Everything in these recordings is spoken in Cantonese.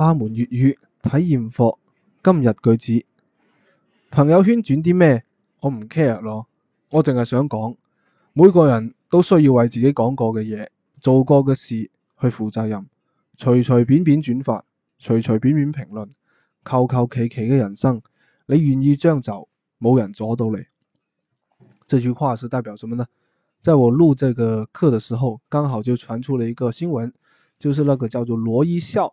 阿門粵語體驗課，今日句子，朋友圈轉啲咩？我唔 care 咯，我淨係想講，每個人都需要為自己講過嘅嘢、做過嘅事去負責任。隨隨便便轉發，隨隨便便評論，求求其其嘅人生，你願意將就，冇人阻到你。這句話是代表什麼呢？在我錄這個課的時候，剛好就傳出了一個新聞，就是那個叫做羅一笑。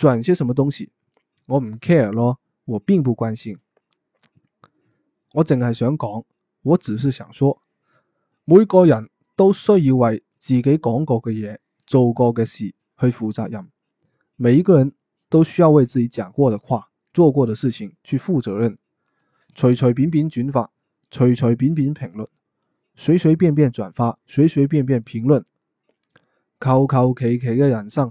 轉些什麼東西，我唔 care 咯，我並不關心。我淨係想講，我只是想說，每個人都需要為自己講過嘅嘢、做過嘅事去負責任。每一個人都需要為自己講過的話、做過嘅事情去負責任。隨隨便便轉發，隨隨便便評論，隨隨便便轉發，隨隨便便評論，求求其其嘅人生。